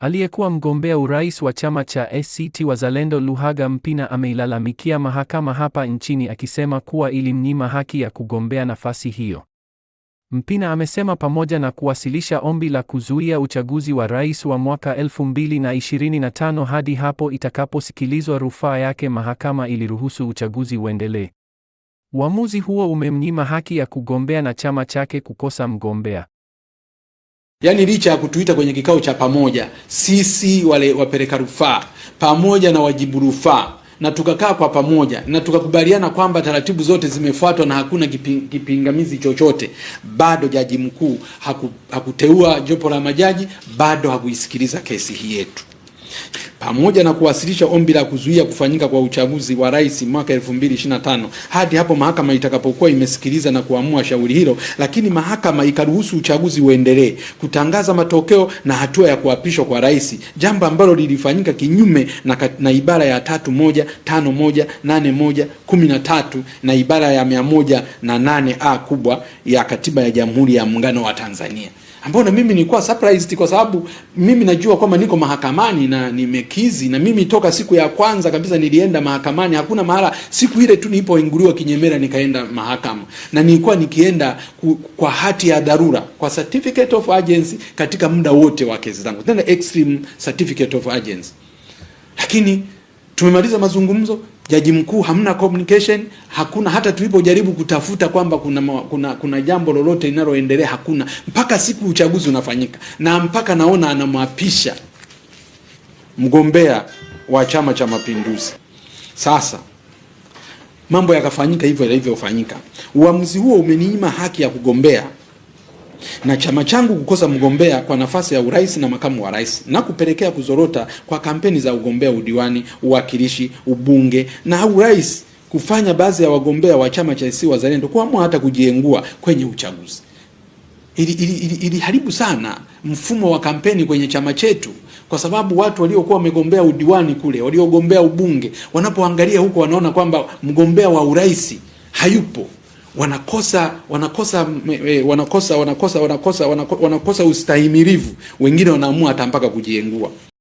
Aliyekuwa mgombea urais wa chama cha ACT Wazalendo Luhaga Mpina ameilalamikia mahakama hapa nchini akisema kuwa ilimnyima haki ya kugombea nafasi hiyo. Mpina amesema pamoja na kuwasilisha ombi la kuzuia uchaguzi wa rais wa mwaka 2025 hadi hapo itakaposikilizwa rufaa yake, mahakama iliruhusu uchaguzi uendelee. Uamuzi huo umemnyima haki ya kugombea na chama chake kukosa mgombea. Yaani licha ya kutuita kwenye kikao cha pamoja sisi wale wapeleka rufaa pamoja na wajibu rufaa na tukakaa kwa pamoja na tukakubaliana kwamba taratibu zote zimefuatwa na hakuna kiping, kipingamizi chochote, bado jaji mkuu haku, hakuteua jopo la majaji, bado hakuisikiliza kesi hii yetu pamoja na kuwasilisha ombi la kuzuia kufanyika kwa uchaguzi wa rais mwaka 2025 hadi hapo mahakama itakapokuwa imesikiliza na kuamua shauri hilo, lakini mahakama ikaruhusu uchaguzi uendelee, kutangaza matokeo na hatua ya kuapishwa kwa rais, jambo ambalo lilifanyika kinyume na, na ibara ya tatu moja tano moja nane moja kumi na tatu na ibara ya mia moja na nane a kubwa ya katiba ya Jamhuri ya Muungano wa Tanzania ambao na mimi nilikuwa surprised kwa sababu mimi najua kwamba niko mahakamani na nimekizi, na mimi toka siku ya kwanza kabisa nilienda mahakamani, hakuna mahala. Siku ile tu nilipoinguliwa kinyemera nikaenda mahakama, na nilikuwa nikienda ku, kwa hati ya dharura kwa certificate of urgency katika muda wote wa kesi zangu, tena extreme certificate of urgency, lakini Tumemaliza mazungumzo, jaji mkuu, hamna communication, hakuna hata tulipojaribu kutafuta kwamba kuna, kuna kuna jambo lolote linaloendelea hakuna, mpaka siku uchaguzi unafanyika na mpaka naona anamwapisha mgombea wa Chama cha Mapinduzi. Sasa mambo yakafanyika hivyo yalivyofanyika. Uamuzi huo umeninyima haki ya kugombea na chama changu kukosa mgombea kwa nafasi ya urais na makamu wa rais na kupelekea kuzorota kwa kampeni za ugombea udiwani, uwakilishi, ubunge na urais, kufanya baadhi ya wagombea wa chama cha ACT Wazalendo kuamua hata kujiengua kwenye uchaguzi. Iliharibu ili, ili sana mfumo wa kampeni kwenye chama chetu, kwa sababu watu waliokuwa wamegombea udiwani kule, waliogombea ubunge, wanapoangalia huko wanaona kwamba mgombea wa urais hayupo wanakosa eh, eh, wanakosa wanakosa wanakosa wanakosa wanakosa ustahimilivu, wengine wanaamua hata mpaka kujiengua.